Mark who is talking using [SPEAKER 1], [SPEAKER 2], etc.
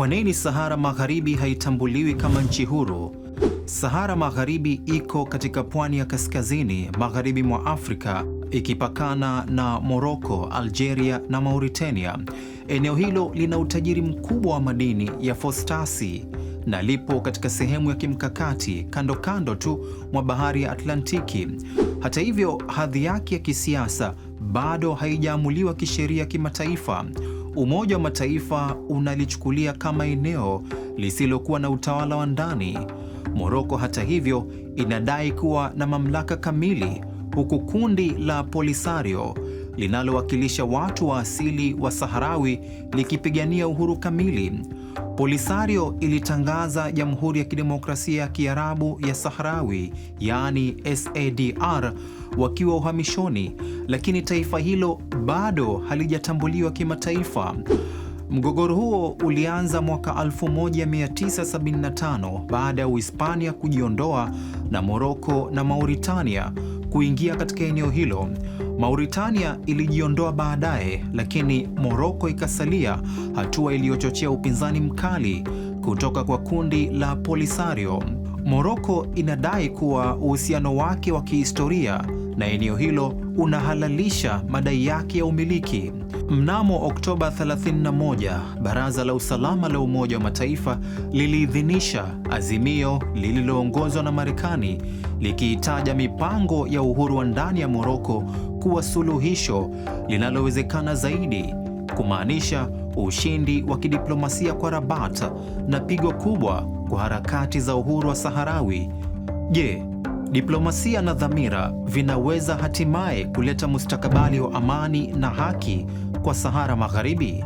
[SPEAKER 1] Kwa nini Sahara Magharibi haitambuliwi kama nchi huru? Sahara Magharibi iko katika pwani ya kaskazini magharibi mwa Afrika ikipakana na Moroko, Algeria na Mauritania. Eneo hilo lina utajiri mkubwa wa madini ya fosfati na lipo katika sehemu ya kimkakati kando kando tu mwa bahari ya Atlantiki. Hata hivyo, hadhi yake ya kisiasa bado haijaamuliwa kisheria kimataifa. Umoja wa Mataifa unalichukulia kama eneo lisilokuwa na utawala wa ndani. Moroko hata hivyo inadai kuwa na mamlaka kamili, huku kundi la Polisario linalowakilisha watu wa asili wa Saharawi likipigania uhuru kamili. Polisario ilitangaza Jamhuri ya Kidemokrasia ya Kiarabu ya Saharawi, yaani SADR, wakiwa uhamishoni, lakini taifa hilo bado halijatambuliwa kimataifa. Mgogoro huo ulianza mwaka 1975 baada ya Uhispania kujiondoa na Moroko na Mauritania kuingia katika eneo hilo. Mauritania ilijiondoa baadaye, lakini Moroko ikasalia, hatua iliyochochea upinzani mkali kutoka kwa kundi la Polisario. Moroko inadai kuwa uhusiano wake wa kihistoria na eneo hilo unahalalisha madai yake ya umiliki. Mnamo Oktoba 31, Baraza la Usalama la Umoja wa Mataifa liliidhinisha azimio lililoongozwa na Marekani likiitaja mipango ya uhuru wa ndani ya Moroko kuwa suluhisho linalowezekana zaidi, kumaanisha ushindi wa kidiplomasia kwa Rabat na pigo kubwa kwa harakati za uhuru wa Saharawi. Je, diplomasia na dhamira vinaweza hatimaye kuleta mustakabali wa amani na haki kwa Sahara Magharibi?